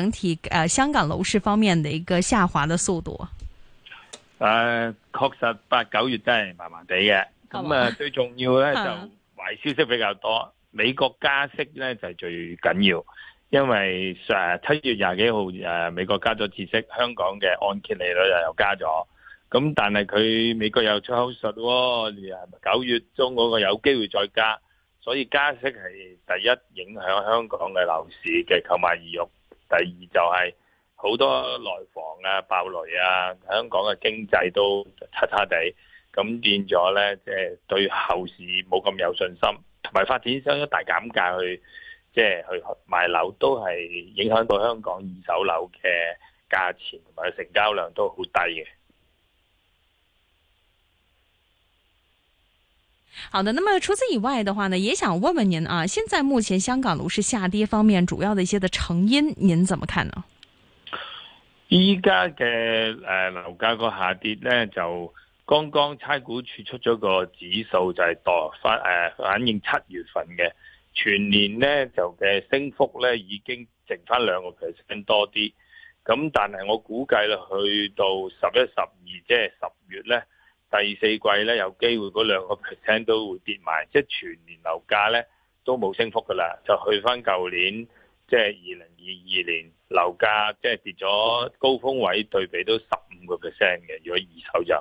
整體，誒、呃，香港樓市方面的一個下滑的速度，誒、啊，確實八九月真係麻麻地嘅。咁、嗯、那啊，最重要咧就是壞消息比較多。 美國加息咧就是、最緊要，因為誒七月廿幾號誒、啊，美國加咗次息，香港嘅按揭利率又加咗。咁、嗯、但係佢美國有出口術、哦，九月中嗰個有機會再加，所以加息係第一影響香港嘅樓市嘅購買意欲。第二就係好多內房啊、爆雷啊，香港嘅經濟都差差地，咁變咗呢，即係對後市冇咁有信心，同埋發展商一大減價去，即係去買樓都係影響到香港二手樓嘅價錢同埋成交量都好低嘅。好的，那麼除此以外的話呢，也想問問您啊，現在目前香港樓市下跌方面主要的一些的成因，您怎麼看呢？依家嘅誒樓價個下跌咧，就剛剛差估署出咗個指數就是、呃，就係反誒反映七月份嘅全年咧就嘅升幅咧已經剩返兩個 percent 多啲，咁但係我估計啦，去到十一十二即係十月咧。第四季咧有機會嗰兩個 percent 都會跌埋，即係全年樓價咧都冇升幅㗎啦，就去翻舊年，即係二零二二年樓價即係跌咗高峰位對比都十五個 percent 嘅，如果二手就。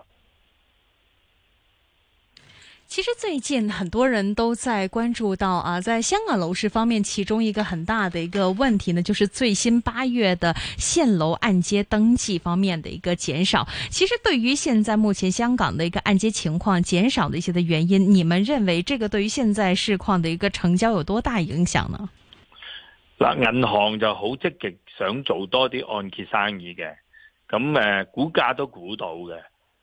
其實最近很多人都在關注到啊，在香港樓市方面，其中一個很大的一個問題呢，就是最新八月的現樓按揭登記方面的一個減少。其實對於現在目前香港的一個按揭情況減少的一些的原因，你們認為這個對於現在市況的一個成交有多大影響呢？嗱，銀行就好積極想做多啲按揭生意嘅，咁、嗯、誒，估價都估到嘅。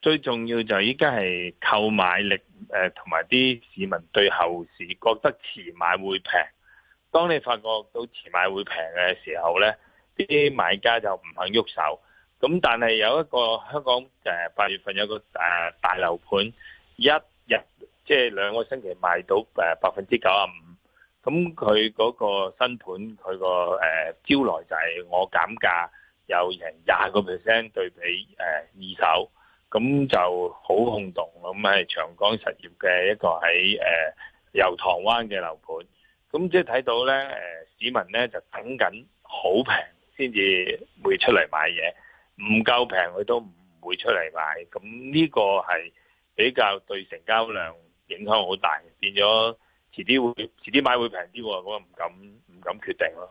最重要就係依家係購買力，誒，同埋啲市民對後市覺得遲買會平。當你發覺到遲買會平嘅時候咧，呢啲買家就唔肯喐手。咁但係有一個香港誒八月份有個誒大樓盤，一日即係兩個星期賣到誒百分之九啊五。咁佢嗰個新盤佢個誒招徠就係我減價有成廿個 percent 對比誒二手。咁就好轟動。咁係長江實業嘅一個喺誒油塘灣嘅樓盤，咁即係睇到咧、呃、市民咧就等緊好平先至會出嚟買嘢，唔夠平佢都唔會出嚟買。咁呢個係比較對成交量影響好大，變咗遲啲會遲啲買會平啲，我唔敢唔敢決定咯。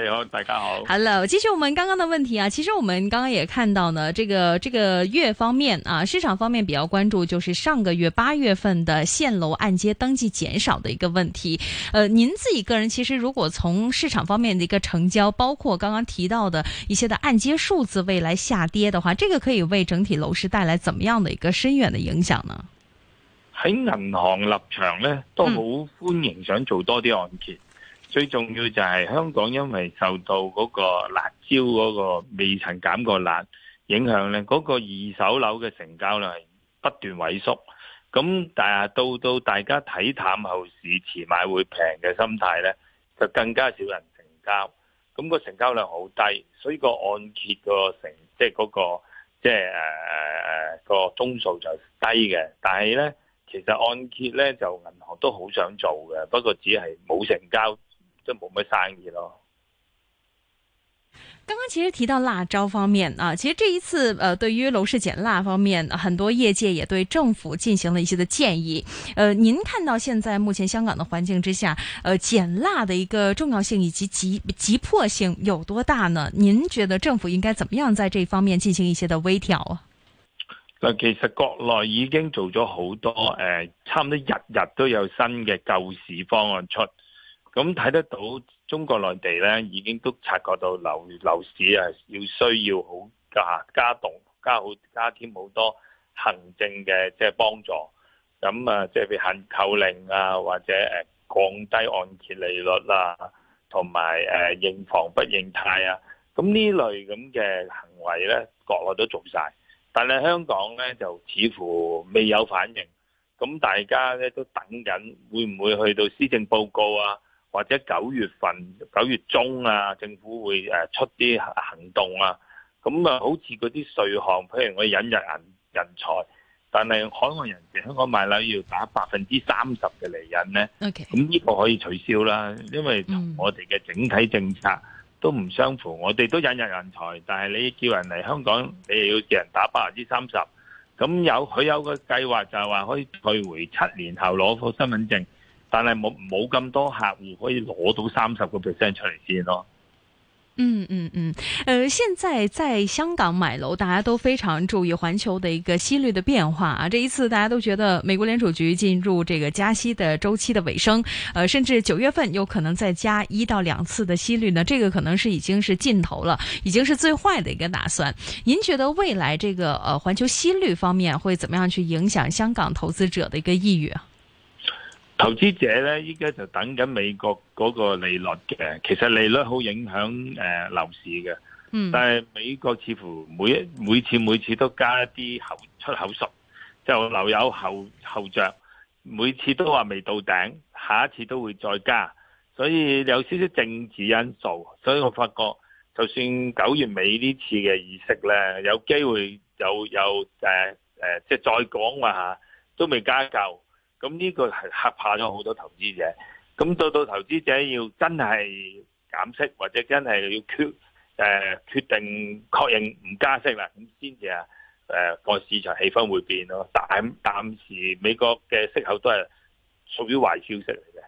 你好，大家好。Hello，繼續我們剛剛的問題啊。其實我們剛剛也看到呢，這個這個月方面啊，市場方面比較關注就是上個月八月份的現樓按揭登記減少的一個問題。呃，您自己個人其實如果從市場方面的一個成交，包括剛剛提到的一些的按揭數字，未來下跌的話，這個可以為整體樓市帶來怎麼樣的一個深遠的影響呢？喺銀行立場呢，都好歡迎、嗯、想做多啲按揭。最重要就係香港因為受到嗰個辣椒嗰個未曾減過辣影響咧，嗰個二手樓嘅成交量不斷萎縮。咁但係到到大家睇淡後市，遲買會平嘅心態咧，就更加少人成交。咁個成交量好低，所以個按揭個成即係嗰個即係誒個宗數就低嘅。但係咧，其實按揭咧就銀行都好想做嘅，不過只係冇成交。都冇咩生意咯。剛剛其實提到辣招方面啊，其實這一次誒、呃，對於樓市減辣方面，很多業界也對政府進行了一些的建議。誒、呃，您看到現在目前香港的環境之下，誒、呃、減辣的一個重要性以及急急迫性有多大呢？您覺得政府應該怎麼樣在這方面進行一些的微調啊？嗱，其實國內已經做咗好多，呃、差唔多日日都有新嘅救市方案出。咁睇得到中國內地咧，已經都察覺到樓樓市係要需要好加加動、加好加添好多行政嘅即係幫助。咁啊，即係譬如限購令啊，或者誒降低按揭利率啊，同埋誒認房不認貸啊。咁呢類咁嘅行為咧，國內都做晒。但係香港咧就似乎未有反應。咁大家咧都等緊，會唔會去到施政報告啊？或者九月份、九月中啊，政府會誒出啲行動啊，咁啊，好似嗰啲稅項，譬如我引入人人才，但係海外人士香港買樓要打百分之三十嘅利潤咧，咁呢 Okay. 個可以取消啦，因為同我哋嘅整體政策都唔相符。嗯、我哋都引入人才，但係你叫人嚟香港，你又要叫人打百分之三十，咁有佢有個計劃就係話可以退回七年後攞個身份證。但係冇冇咁多客戶可以攞到三十個 percent 出嚟先咯，嗯。嗯嗯嗯，呃現在在香港買樓，大家都非常注意環球的一個息率的變化啊！這一次大家都覺得美國聯儲局進入這個加息的週期的尾聲，呃甚至九月份有可能再加一到兩次的息率呢？這個可能是已經是盡頭了，已經是最壞的一個打算。您覺得未來這個呃環球息率方面會怎麼樣去影響香港投資者的一個意欲？投資者咧，依家就等緊美國嗰個利率嘅，其實利率好影響誒、呃、樓市嘅。嗯，但係美國似乎每每次每次都加一啲出口數，就留有後後著。每次都話未到頂，下一次都會再加，所以有少少政治因素。所以我發覺，就算九月尾呢次嘅議息咧，有機會有有誒、呃呃、即係再講話嚇，都未加夠。咁呢個係嚇怕咗好多投資者，咁到到投資者要真係減息，或者真係要決誒決定確認唔加息啦，咁先至啊誒個市場氣氛會變咯，但係暫時美國嘅息口都係屬於壞消息嚟嘅。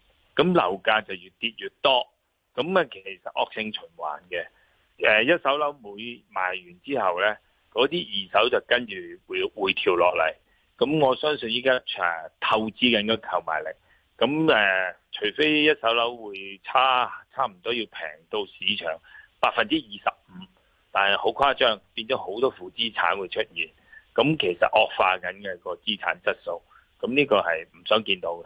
咁樓價就越跌越多，咁啊其實惡性循環嘅。一手樓每賣完之後呢，嗰啲二手就跟住會，會跳落嚟。咁我相信依家誒透支緊個購買力。咁誒、呃，除非一手樓會差差唔多要平到市場百分之二十五，但係好誇張，變咗好多負資產會出現。咁其實惡化緊嘅、個資產質素，咁呢個係唔想見到嘅。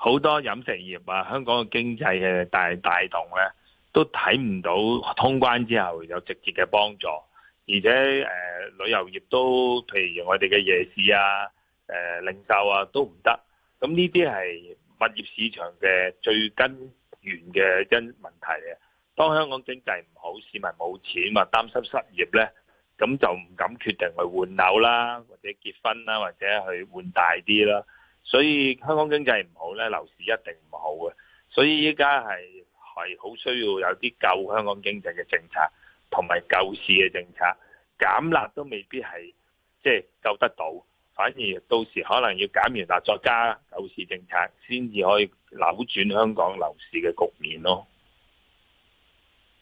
好多飲食業啊，香港嘅經濟嘅大大動咧，都睇唔到通關之後有直接嘅幫助，而且誒旅遊業都，譬如我哋嘅夜市啊、誒零售啊都唔得，咁呢啲係物業市場嘅最根源嘅因問題嚟嘅。當香港經濟唔好，市民冇錢或擔心失業咧，咁就唔敢決定去換樓啦，或者結婚啦，或者去換大啲啦。所以香港經濟唔好呢，樓市一定唔好嘅。所以依家係係好需要有啲救香港經濟嘅政策，同埋救市嘅政策。減壓都未必係即係救得到，反而到時可能要減完壓再加救市政策，先至可以扭轉香港樓市嘅局面咯。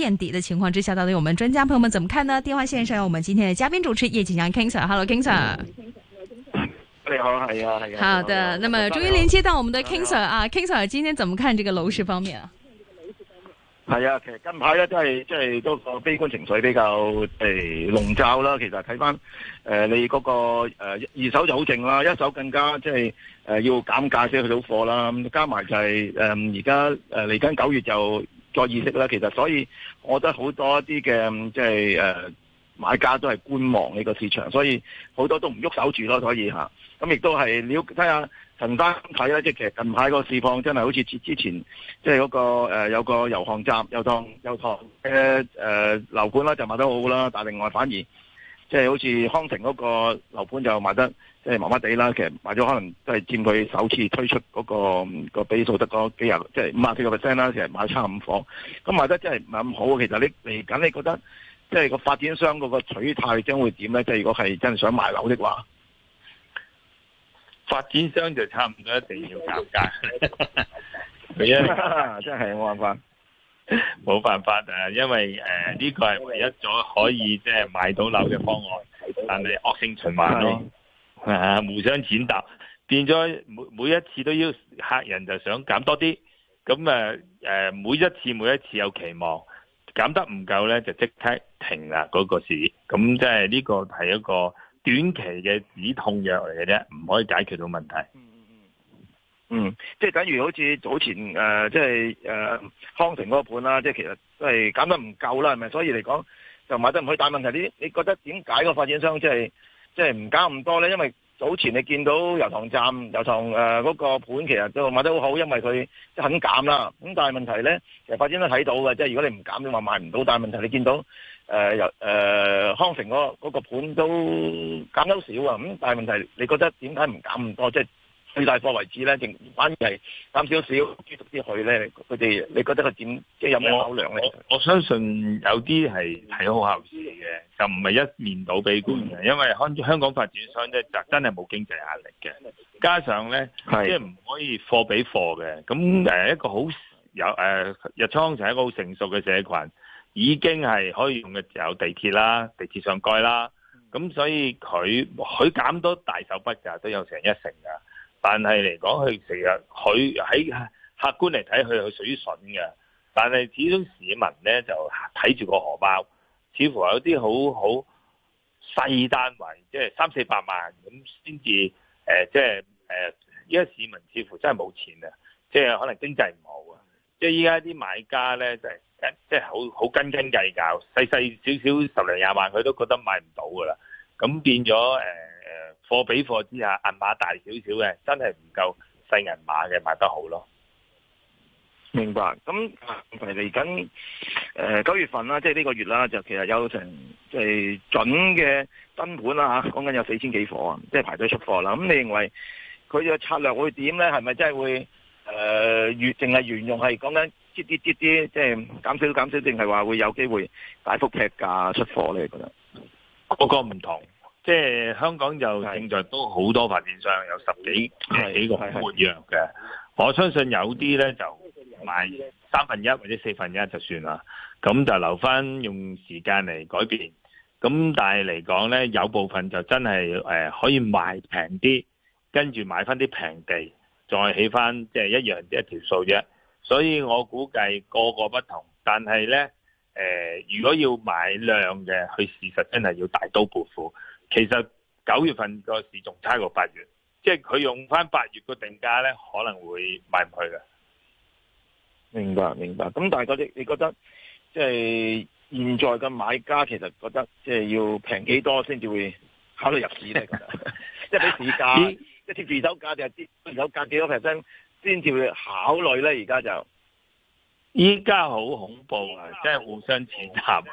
見底的情況之下，到底我們專家朋友們怎麼看呢？電話線上有我們今天的嘉賓主持葉錦強 King Sir，Hello King Sir，, Hello, King Sir. 你好，係啊，係啊，好的，嗯、那麼終於連接到我們的 King Sir 好啊，King Sir，今天怎麼看這個樓市方面啊？係、嗯、啊，其實近排咧都係，都係個悲觀情緒比較誒籠、呃、罩啦。其實睇翻誒你嗰、那個誒、呃、二手就好靜啦，一手更加即係誒要減價先去到貨啦。加埋就係誒而家誒嚟緊九月就。再意識啦，其實所以我覺得好多一啲嘅即係誒買家都係觀望呢個市場，所以好多都唔喐手住咯。所以咁亦、啊嗯、都係了睇下陳生睇啦，即係其實近排個市況真係好似之之前即係嗰個、呃、有個油塘站、油塘、油塘嘅誒樓盤啦，就賣得好好啦，但另外反而。即係好似康城嗰個樓盤就賣得即係麻麻地啦，其實賣咗可能都係佔佢首次推出嗰、個個比數得嗰幾廿，即係五十幾個 percent 啦，成買一餐五房，咁賣得真係唔係咁好。其實你嚟緊，你覺得即係、即係、個發展商嗰個取態將會點咧？即係、即係、如果係真係想賣樓的話，發展商就差唔多一定要減價。你咧，真係冇辦法。冇辦法啊，因為誒呢、呃這個係唯一咗可以即係、就是、買到樓嘅方案，但係惡性循環咯，啊互相踐踏，變咗每每一次都要客人就想減多啲，咁誒誒每一次每一次有期望，減得唔夠呢，就即刻停啦嗰、那個市，咁即係呢個係一個短期嘅止痛藥嚟嘅啫，唔可以解決到問題。嗯，即係等於好似早前誒、呃，即係誒、呃、康城嗰個盤啦、啊，即係其實都係減得唔夠啦，係咪？所以嚟講就買得唔可以但係問題啲。你覺得點解個發展商即係即係唔減咁多咧？因為早前你見到油塘站、油塘誒嗰、呃那個盤其實都賣得好好，因為佢即係肯減啦。咁但係問題咧，其實發展都睇到嘅，即係如果你唔減，你話賣唔到。但係問題你見到誒由、呃呃、康城嗰、那、嗰個盤、那個、都減得少啊。咁但係問題，你覺得點解唔減咁多？即係。最大貨為止呢，咧，仲反而係減少少，輸讀啲佢咧。佢哋，你覺得佢點？即係有咩考量咧？我相信有啲係睇好後市嘅，就唔係一面倒俾觀眾。因為香香港發展商咧，真係冇經濟壓力嘅，加上咧，即係唔可以貨比貨嘅。咁誒是，一個好有誒、呃，日倉就係一個好成熟嘅社群，已經係可以用嘅有地鐵啦，地鐵上蓋啦。咁所以佢佢減都大手筆㗎，都有成一成㗎。但係嚟講，佢成日佢喺客觀嚟睇，佢係屬於筍嘅。但係始終市民咧就睇住個荷包，似乎有啲好好細單位，即係三四百萬咁先至。誒、呃，即係誒，依、呃、家市民似乎真係冇錢啊！即係可能經濟唔好啊！即係依家啲買家咧，就係、是、即係好好斤斤計較，細細少少十零廿萬佢都覺得買唔到噶啦。咁變咗誒。呃貨比貨之下，銀碼大少少嘅，真係唔夠細銀碼嘅賣得好咯。明白。咁提嚟緊，誒、呃、九月份啦，即係呢個月啦，就其實有成、就是啊、有 4, 即係準嘅新盤啦吓，講緊有四千幾伙啊，即係排隊出貨啦。咁你認為佢嘅策略會點咧？係咪真係會誒，淨淨係沿用係講緊啲啲啲啲即係減少減少，定係話會有機會大幅劈價出貨咧？我覺得個個唔同。即係香港就正在都好多發展商有十幾幾個係活躍嘅，我相信有啲咧就買三分一或者四分一就算啦。咁就留翻用時間嚟改變。咁但係嚟講咧，有部分就真係誒可以賣平啲，跟住買翻啲平地，再起翻即係一樣一條數啫。所以我估計個個不同，但係咧誒，如果要買量嘅，佢事實真係要大刀闊斧。其實九月份個市仲差過八月，即係佢用翻八月個定價咧，可能會買唔去嘅。明白，明白。咁但係嗰啲，你覺得即係、就是、現在嘅買家其實覺得即係、就是、要平幾多先至會考慮入市咧？即係俾市價，即係貼住二手價定係跌二手價幾多 percent 先至會考慮咧？而家就依家好恐怖啊！真係互相踐踏、啊，啊、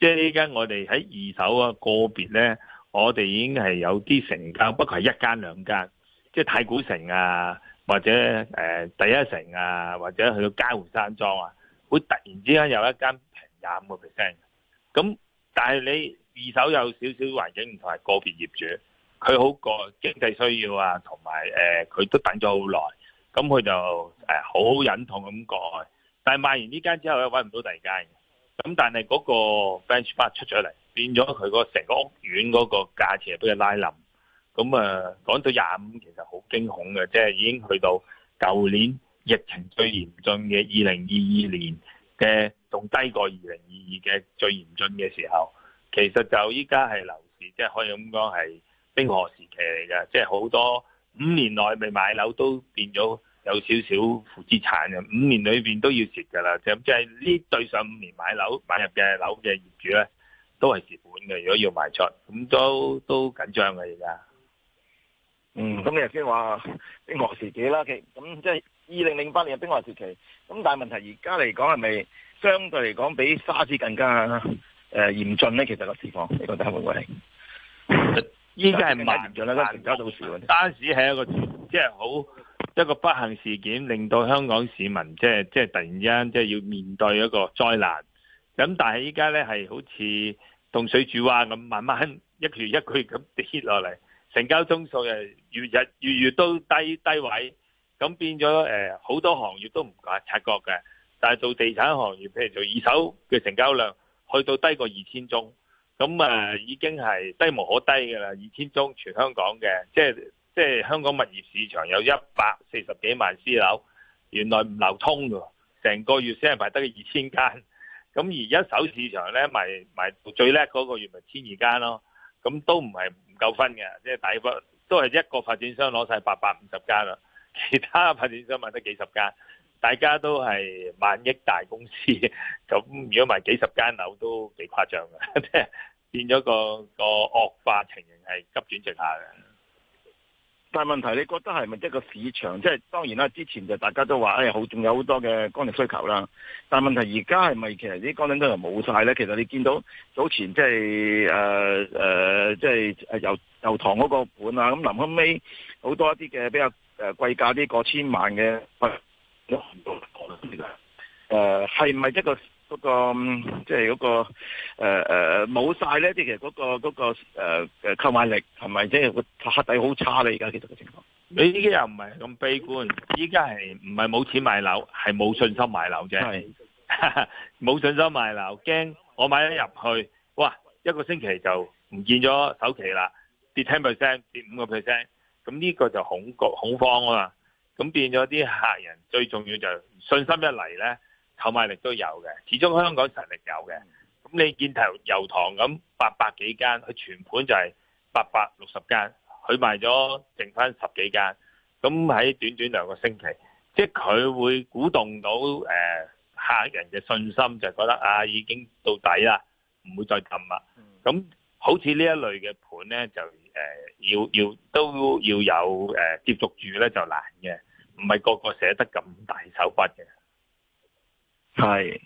即係依家我哋喺二手啊，個別咧。我哋已經係有啲成交，不過係一間兩間，即係太古城啊，或者誒、呃、第一城啊，或者去到嘉湖山莊啊，會突然之間有一間平廿五個 percent。咁但係你二手有少少環境唔同，係個別業主，佢好過經濟需要啊，同埋誒佢都等咗好耐，咁佢就好好、呃、忍痛咁過。但係賣完呢間之後咧，揾唔到第二間。咁但係嗰個 benchmark 出咗嚟。變咗佢個成個屋苑嗰個價錢係畀佢拉冧，啊，咁啊講到廿五其實好驚恐嘅，即係已經去到舊年疫情最嚴峻嘅二零二二年嘅，仲低過二零二二嘅最嚴峻嘅時候。其實就依家係樓市，即係可以咁講係冰河時期嚟嘅，即係好多五年內未買樓都變咗有少少負資產嘅，五年裏面都要蝕㗎啦。就咁即係呢對上五年買樓買入嘅樓嘅業主咧。都係蝕本嘅，如果要賣出，咁都都緊張嘅而家。嗯，咁你頭先話冰河時期啦，咁即係二零零八年嘅冰河時期。咁但係問題而家嚟講係咪相對嚟講比沙士更加誒嚴峻咧？其實個市況，呢個大環境，依家係唔係嚴峻啦，嗰個全球大市。沙士係一個即係好一個不幸事件，令到香港市民即係即係突然間即係要面對一個災難。咁但係依家咧，係好似凍水煮蛙咁，慢慢一個月一個月咁跌落嚟，成交宗數越月日月月都低低位，咁變咗誒好多行業都唔覺察覺嘅，但係做地產行業，譬如做二手嘅成交量，去到低過二千宗，咁啊已經係低無可低嘅啦，二千宗全香港嘅，即係即係香港物業市場有一百四十幾萬私樓，原來唔流通㗎，成個月先係排得二千間。咁而一手市場咧賣賣最叻嗰個月咪千二間咯，咁都唔係唔夠分嘅，即係大部分都係一個發展商攞晒八百五十間啦，其他發展商賣得幾十間，大家都係萬億大公司，咁如果賣幾十間樓都幾誇張嘅，即 係變咗個個惡化情形係急轉直下嘅。但係問題，你覺得係咪一個市場？即係當然啦，之前就大家都話誒好，仲、哎、有好多嘅剛性需求啦。但係問題而家係咪其實啲剛性需求冇晒咧？其實你見到早前即係誒誒，即係誒油油塘嗰個盤啊，咁臨後尾好多一啲嘅比較誒貴價啲過、這個、千萬嘅，誒係唔係一個？嗰、那個即係嗰個誒冇晒咧，即係嗰、那個嗰、呃那個誒誒購買力係咪即係個客底好差咧？而家其實個情況，你呢啲又唔係咁悲觀，依家係唔係冇錢買樓，係冇信心買樓啫。冇是 信心買樓，驚我買咗入去，哇一個星期就唔見咗首期啦，跌 ten percent，跌五個 percent，咁呢個就恐個恐慌啊嘛，咁變咗啲客人最重要就信心一嚟咧。購買力都有嘅，始終香港實力有嘅。咁你見頭油塘咁八百幾間，佢全盤就係八百六十間，佢賣咗，剩翻十幾間。咁喺短短兩個星期，即係佢會鼓動到下、呃、客人嘅信心，就覺得啊已經到底啦，唔會再冧啦。咁好似呢一類嘅盤咧，就誒、呃、要要都要有誒、呃、接觸住咧就難嘅，唔係個個寫得咁大手筆嘅。係，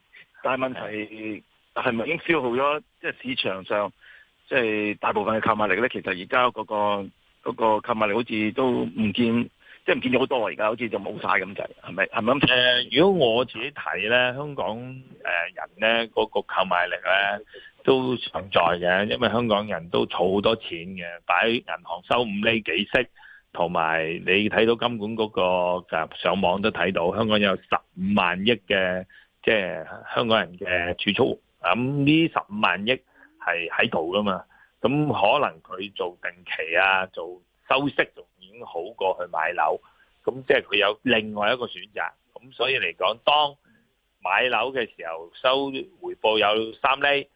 但係問題係咪已經消耗咗？即係市場上，即係大部分嘅購買力咧，其實而家嗰個嗰個購買力好似都唔見，即係唔見咗好多。而家好似就冇晒咁滯，係咪？係咪咁？誒，如果我自己睇咧，香港誒人咧嗰個購買力咧都存在嘅，因為香港人都儲好多錢嘅，擺銀行收五厘幾息，同埋你睇到金管嗰個就上網都睇到，香港有十五萬億嘅。即係香港人嘅儲蓄，咁呢十五萬億係喺度噶嘛？咁可能佢做定期啊，做收息仲已經好過去買樓，咁即係佢有另外一個選擇。咁所以嚟講，當買樓嘅時候收回報有三厘，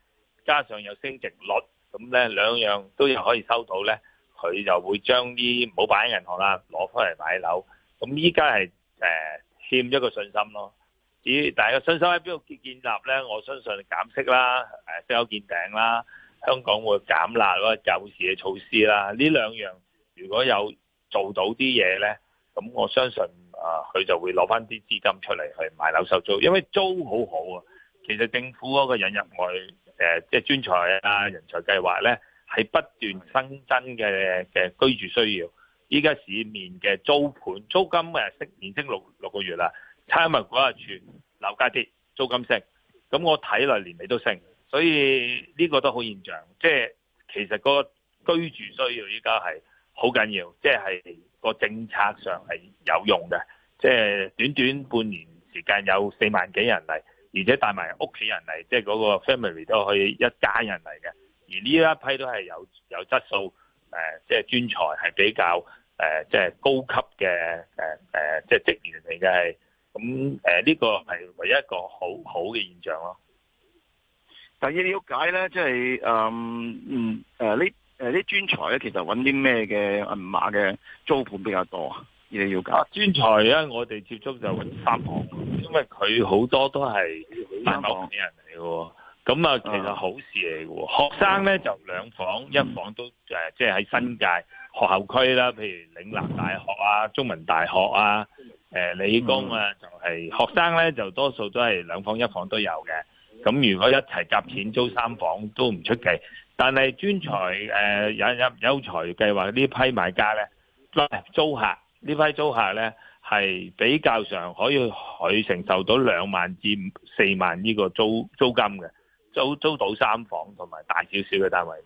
加上有升值率，咁咧兩樣都有可以收到咧，佢就會將啲唔好擺喺銀行啦攞翻嚟買樓。咁依家係誒欠一個信心咯。至但係個信心喺邊度建建立咧？我相信減息啦，誒，息口見頂啦，香港會減辣咯，救市嘅措施啦，呢兩樣如果有做到啲嘢咧，咁我相信啊，佢就會攞翻啲資金出嚟去買樓收租，因為租好好啊。其實政府嗰個引入外誒，即係專才啊人才計劃咧，係不斷新增嘅嘅居住需要。依家市面嘅租盤租金誒升，年升六六個月啦、啊。差物攞嚟處，樓價跌，租金升，咁我睇落年尾都升，所以呢個都好現象，即係其實個居住需要依家係好緊要，即係個政策上係有用嘅，即係短短半年時間有四萬幾人嚟，而且帶埋屋企人嚟，即係嗰個 family 都可以一家人嚟嘅，而呢一批都係有有質素，呃即係專才，係比較呃即係高級嘅呃呃即係職員嚟嘅。咁誒呢個係唯一一個好好嘅現象咯。第二了解咧，即係誒嗯誒呢誒啲專才咧，其實揾啲咩嘅銀碼嘅租盤比較多啊？要你了解專才咧，我哋接觸就揾三房，因為佢好多都係買屋嘅人嚟嘅喎。咁啊房，其實好事嚟嘅喎。啊、學生咧就兩房、嗯、一房都誒，即係喺新界學校區啦，譬如嶺南大學啊、中文大學啊。誒，理工、呃、啊，就係、是、學生咧，就多數都係兩房一房都有嘅。咁如果一齊夾錢租三房都唔出奇，但係專才誒有有優才計劃呢批買家咧，租客呢批租客咧，係比較上可以佢承受到兩萬至四萬呢個租租金嘅，租租到三房同埋大少少嘅單位。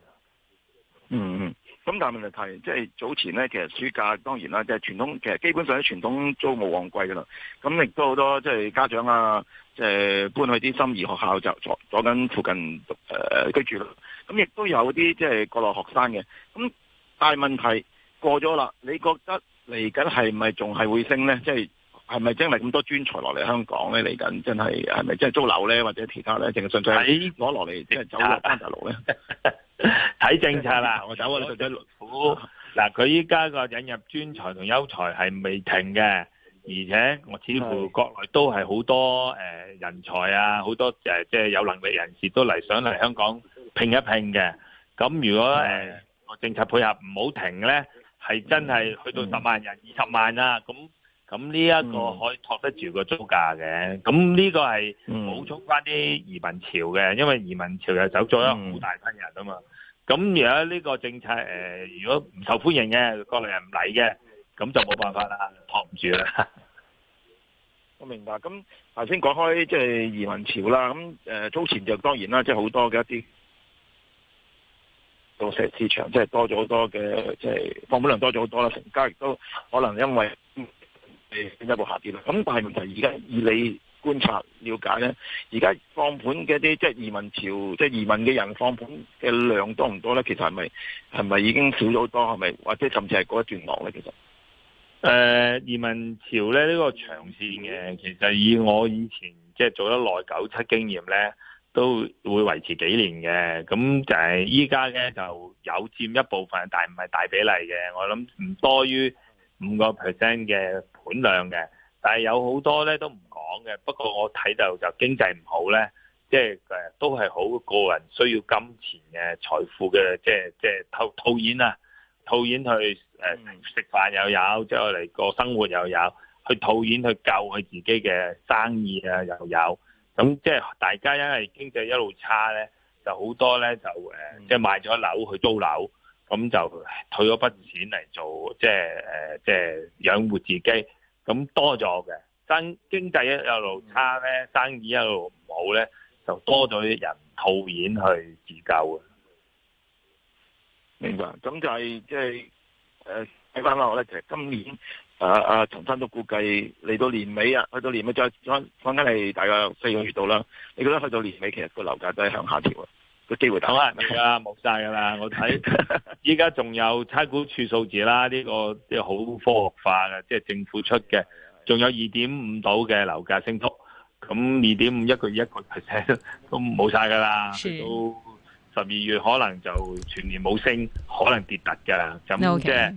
嗯嗯。咁但係問題，即係早前咧，其實暑假當然啦，即係傳統，其實基本上啲傳統租務旺季噶啦。咁亦都好多即係家長啊，即係搬去啲心儀學校就坐緊附近讀、呃、居住。咁亦都有啲即係國內學生嘅。咁大問題過咗啦，你覺得嚟緊係咪仲係會升咧？即係。係咪真係咁多專才落嚟香港咧？嚟緊真係係咪真係租樓咧，或者其他咧？淨係純粹睇攞落嚟即係走落加拿大路咧？睇政策啦，我走啊！老豆仔，陸虎嗱，佢依家個引入專才同優才係未停嘅，而且我似乎國內都係好多誒人才啊，好多誒即係有能力人士都嚟想嚟香港拼一拼嘅。咁如果誒政策配合唔好停咧，係真係去到十萬人、二十萬啊！咁咁呢一個可以托得住個租價嘅，咁呢、嗯、個係補充翻啲移民潮嘅，嗯、因為移民潮又走咗好大批人啊嘛。咁而家呢個政策誒、呃，如果唔受歡迎嘅，國內人唔嚟嘅，咁就冇辦法啦，托唔住啦。 我明白。咁頭先講開即係移民潮啦，咁誒租前就當然啦，即係好多嘅一啲到石市場，即、就、係、是、多咗好多嘅，即係放盤量多咗好多啦。成交亦都可能因為。誒，進一步下跌啦。咁但係問題，而家以你觀察了解咧，而家放盤嘅啲即係移民潮，即係移民嘅人放盤嘅量多唔多咧？其實係咪係咪已經少咗好多？係咪或者甚至係嗰一段落咧？其實、呃，誒移民潮咧呢、呢個長線嘅，其實以我以前即係做咗耐九七經驗咧，都會維持幾年嘅。咁就係依家咧就有佔一部分，但係唔係大比例嘅。我諗唔多於。五個 percent 嘅盤量嘅，但係有好多咧都唔講嘅。不過我睇到就經濟唔好咧，即係誒都係好個人需要金錢嘅財富嘅，即係即係套套現啊，套現去誒食、呃、飯又有，即係嚟過生活又有，去套現去救佢自己嘅生意啊又有。咁即係大家因為經濟一路差咧，就好多咧就誒即係賣咗樓去租樓。咁就退咗筆錢嚟做，即係誒，即係養活自己。咁多咗嘅，生經濟一路差咧，生意一路唔好咧，就多咗啲人套現去自救啊！明白，咁就係即係誒睇翻翻我咧，其實今年啊啊，陳生都估計嚟到年尾啊，去到年尾再再返返嚟大概四個月度啦。你覺得去到年尾，其實個樓價都係向下調啊！機會好啦，冇晒噶啦，我睇依家仲有差估處數字啦，呢、這個啲好科學化嘅，即、就、係、是、政府出嘅，仲有二點五度嘅樓價升幅，咁二點五一個月一個 percent 都冇曬噶啦，都十二是月可能就全年冇升，可能跌突噶，咁即係。Okay.